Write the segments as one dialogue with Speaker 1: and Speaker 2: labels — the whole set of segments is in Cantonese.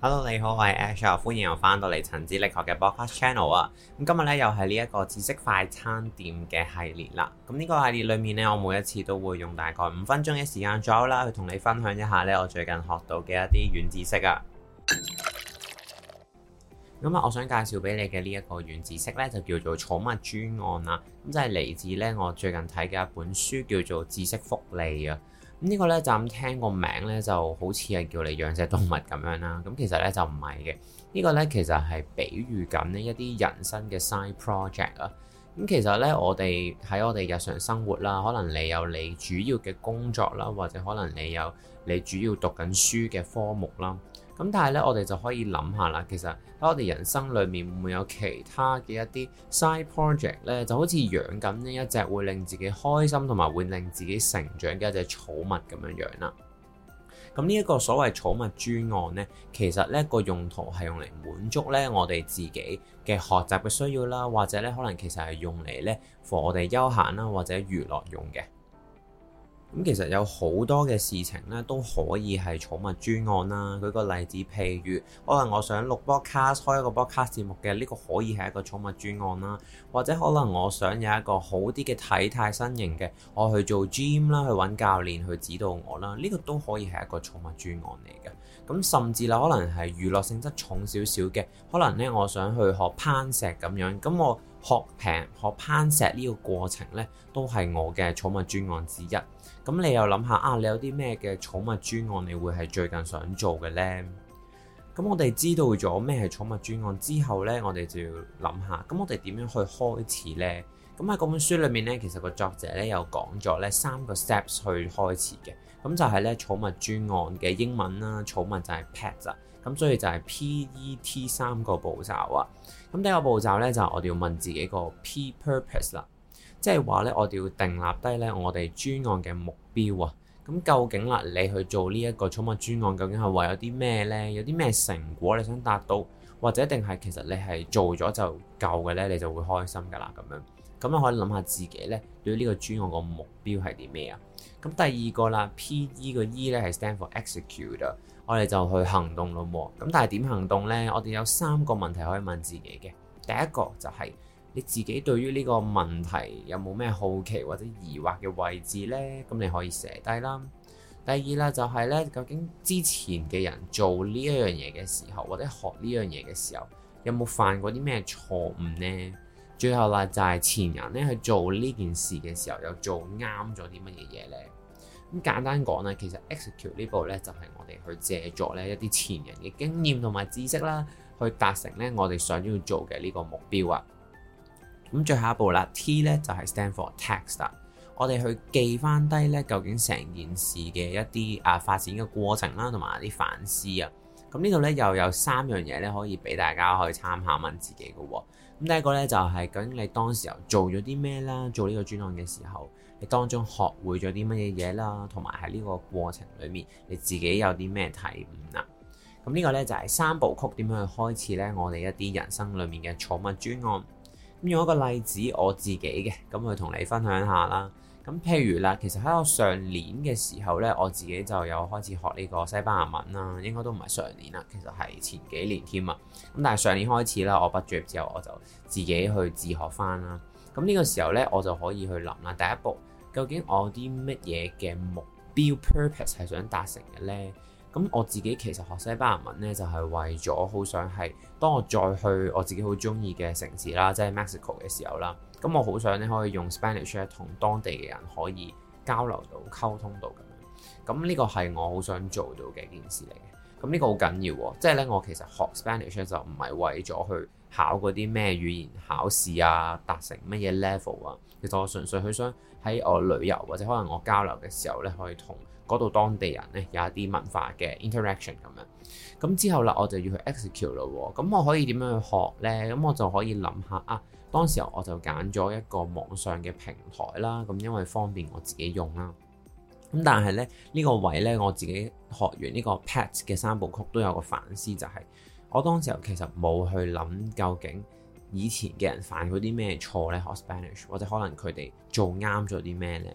Speaker 1: hello，你好，我係 Ashley、啊、歡迎我翻到嚟陳子力學嘅播客 channel 啊。咁今日咧又係呢一個知識快餐店嘅系列啦。咁呢個系列裏面咧，我每一次都會用大概五分鐘嘅時間左右啦，去同你分享一下咧我最近學到嘅一啲軟知識啊。咁啊，我想介紹俾你嘅呢一個軟知識咧，就叫做寵物專案啦。咁就係嚟自咧我最近睇嘅一本書，叫做《知識福利》啊。咁呢個呢，就咁聽個名呢，就好似係叫你養隻動物咁樣啦。咁其實呢，就唔係嘅，呢、這個呢，其實係比喻緊呢一啲人生嘅 side project。咁其實咧，我哋喺我哋日常生活啦，可能你有你主要嘅工作啦，或者可能你有你主要讀緊書嘅科目啦。咁但係咧，我哋就可以諗下啦。其實喺我哋人生裏面，會唔會有其他嘅一啲 side project 咧？就好似養緊呢一隻會令自己開心同埋會令自己成長嘅一隻寵物咁樣樣啦。咁呢個所謂寵物專案呢，其實呢一個用途係用嚟滿足呢我哋自己嘅學習嘅需要啦，或者呢可能其實係用嚟呢幫我哋休閒啦，或者娛樂用嘅。咁其實有好多嘅事情咧，都可以係 PET 專案啦。舉個例子，譬如可能我想錄 podcast，a 開一個 podcast a 節目嘅，呢、這個可以係一個 PET 專案啦。或者可能我想有一個好啲嘅體態身形嘅，我去做 gym 啦，去揾教練去指導我啦。呢、這個都可以係一個 PET 專案嚟嘅。咁甚至啦，可能係娛樂性質重少少嘅，可能呢我想去學攀石咁樣，咁我。學平學攀石呢個過程呢，都係我嘅寵物專案之一。咁你又諗下啊？你有啲咩嘅寵物專案，你會係最近想做嘅呢？咁我哋知道咗咩係寵物專案之後呢，我哋就要諗下，咁我哋點樣去開始呢？咁喺嗰本書裏面呢，其實個作者呢，有講咗呢三個 steps 去開始嘅，咁就係呢寵物專案嘅英文啦，寵物就係 pet。咁所以就係 PET 三個步驟啊，咁第一個步驟咧就係、是、我哋要問自己個 P purpose 啦，即係話咧我哋要訂立低咧我哋專案嘅目標啊，咁究竟啦你去做呢一個 PET 專案，究竟係為咗有啲咩咧？有啲咩成果你想達到？或者一定係其實你係做咗就夠嘅咧，你就會開心噶啦咁樣，咁你可以諗下自己咧對呢個專案個目標係啲咩啊？咁第二個啦，P E 個 E 咧係 stand for execute。我哋就去行動咯。咁但係點行動呢？我哋有三個問題可以問自己嘅。第一個就係：你自己對於呢個問題有冇咩好奇或者疑惑嘅位置呢？咁你可以寫低啦。第二啦就係：呢究竟之前嘅人做呢一樣嘢嘅時候，或者學呢樣嘢嘅時候，有冇犯過啲咩錯誤呢？最後啦就係前人呢去做呢件事嘅時候，又做啱咗啲乜嘢嘢呢？咁簡單講咧，其實 execute 呢部咧就係、是、我哋去借助咧一啲前人嘅經驗同埋知識啦，去達成咧我哋想要做嘅呢個目標啊。咁最後一步啦，T 咧就係、是、stand for text 啦，我哋去記翻低咧究竟成件事嘅一啲啊發展嘅過程啦，同埋啲反思啊。咁呢度咧又有三樣嘢咧，可以俾大家可以參考問自己嘅喎。咁第一個呢就係、是、究竟你當時候做咗啲咩啦？做呢個專案嘅時候，你當中學會咗啲乜嘢嘢啦？同埋喺呢個過程裡面，你自己有啲咩體悟啊？咁、嗯、呢、這個呢，就係三部曲點樣去開始呢？我哋一啲人生裡面嘅寵物專案。咁用一個例子我自己嘅，咁去同你分享一下啦。咁譬如啦，其實喺我上年嘅時候呢，我自己就有開始學呢個西班牙文啦。應該都唔係上年啦，其實係前幾年添啊。咁但係上年開始啦，我畢 j 之後，我就自己去自學翻啦。咁呢個時候呢，我就可以去諗啦。第一步，究竟我啲乜嘢嘅目標 purpose 係想達成嘅呢？咁我自己其實學西班牙文咧，就係為咗好想係當我再去我自己好中意嘅城市啦，即係 Mexico 嘅時候啦，咁我好想咧可以用 Spanish 咧同當地嘅人可以交流到溝通到咁樣。咁呢個係我好想做到嘅一件事嚟嘅。咁呢個好緊要喎，即係咧我其實學 Spanish 就唔係為咗去考嗰啲咩語言考試啊，達成乜嘢 level 啊。其實我純粹去想喺我旅遊或者可能我交流嘅時候咧，可以同嗰度當地人咧有一啲文化嘅 interaction 咁樣，咁之後啦，我就要去 execute 咯喎，咁我可以點樣去學呢？咁我就可以諗下啊，當時候我就揀咗一個網上嘅平台啦，咁因為方便我自己用啦。咁但係呢，呢個位呢，我自己學完呢個 PET 嘅三部曲都有個反思，就係我當時候其實冇去諗究竟以前嘅人犯咗啲咩錯呢？學 Spanish，或者可能佢哋做啱咗啲咩呢？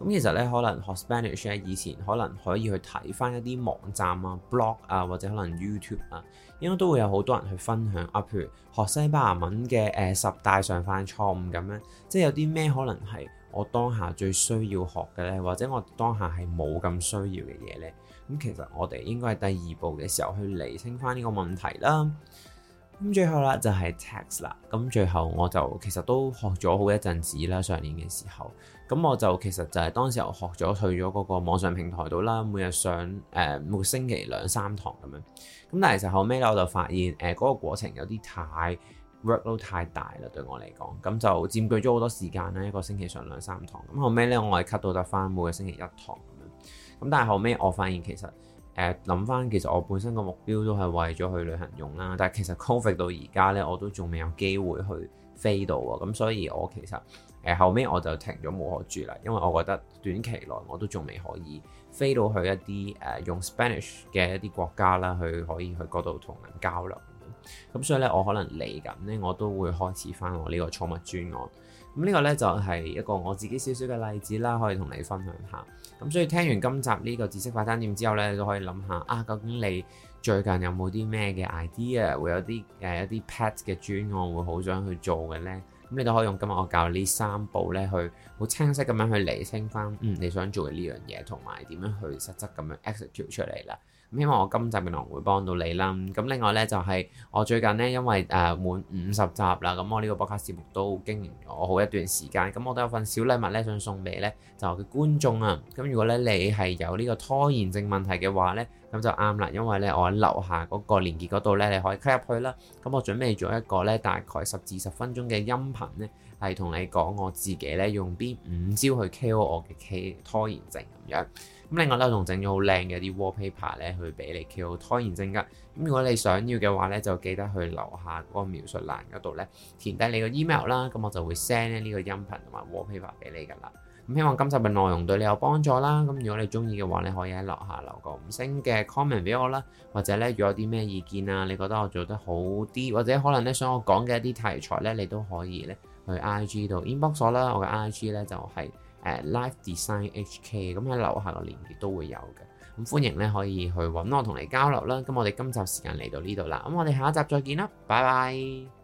Speaker 1: 咁其實咧，可能學 Spanish 咧，以前可能可以去睇翻一啲網站啊、blog 啊，或者可能 YouTube 啊，應該都會有好多人去分享啊。譬如學西班牙文嘅誒、呃、十大常犯錯誤咁樣，即係有啲咩可能係我當下最需要學嘅咧，或者我當下係冇咁需要嘅嘢咧。咁、嗯、其實我哋應該係第二步嘅時候去釐清翻呢個問題啦。咁最後啦，就係 text 啦，咁最後我就其實都學咗好一陣子啦，上年嘅時候，咁我就其實就係當時我學咗去咗嗰個網上平台度啦，每日上誒、呃、每星期兩三堂咁樣，咁但係其實後尾咧，我就發現誒嗰、呃那個過程有啲太 workload 太大啦，對我嚟講，咁就佔據咗好多時間咧，一個星期上兩三堂，咁後尾咧我係 cut 到得返每個星期一堂咁樣，咁但係後尾我發現其實。誒諗翻，其實我本身個目標都係為咗去旅行用啦，但係其實 COVID 到而家呢，我都仲未有機會去飛到啊，咁所以我其實誒、呃、後尾我就停咗冇可住啦，因為我覺得短期內我都仲未可以飛到去一啲誒、呃、用 Spanish 嘅一啲國家啦，去可以去嗰度同人交流。咁所以咧，我可能嚟緊咧，我都會開始翻我呢個寵物專案。咁、嗯這個、呢個咧就係、是、一個我自己少少嘅例子啦，可以同你分享下。咁、嗯、所以聽完今集呢個知識快餐店之後咧，都可以諗下啊，究竟你最近有冇啲咩嘅 idea，會有啲誒一啲 pet 嘅專案會好想去做嘅咧？咁、嗯、你都可以用今日我教嘅呢三步咧，去好清晰咁樣去釐清翻，嗯，你想做嘅呢樣嘢，同埋點樣去實質咁樣 execute 出嚟啦。希望我今集嘅內容會幫到你啦。咁另外呢，就係、是、我最近呢，因為誒、呃、滿五十集啦，咁、嗯、我呢個播客節目都經營咗好一段時間，咁、嗯、我都有份小禮物呢，想送俾呢，就我嘅觀眾啊。咁如果呢，你係有呢個拖延症問題嘅話呢，咁就啱啦，因為呢，我樓下嗰個連結嗰度呢，你可以 click 入去啦。咁、嗯、我準備咗一個呢，大概十至十分鐘嘅音頻呢，係同你講我自己呢，用邊五招去 KO 我嘅 K 拖延症咁樣。咁另外咧，我仲整咗好靚嘅啲 wallpaper 咧，去俾你叫拖延症噶。咁如果你想要嘅話咧，就記得去樓下嗰個描述欄嗰度咧，填低你個 email 啦。咁我就會 send 呢個音頻同埋 wallpaper 俾你噶啦。咁希望今集嘅內容對你有幫助啦。咁如果你中意嘅話，你可以喺樓下留個五星嘅 comment 俾我啦。或者咧，如果有啲咩意見啊，你覺得我做得好啲，或者可能咧想我講嘅一啲題材咧，你都可以咧去 IG 度 inbox 我啦。我嘅 IG 咧就係、是。誒 Life Design HK，咁喺樓下個連結都會有嘅，咁歡迎咧可以去揾我同你交流啦。咁我哋今集時間嚟到呢度啦，咁我哋下一集再見啦，拜拜。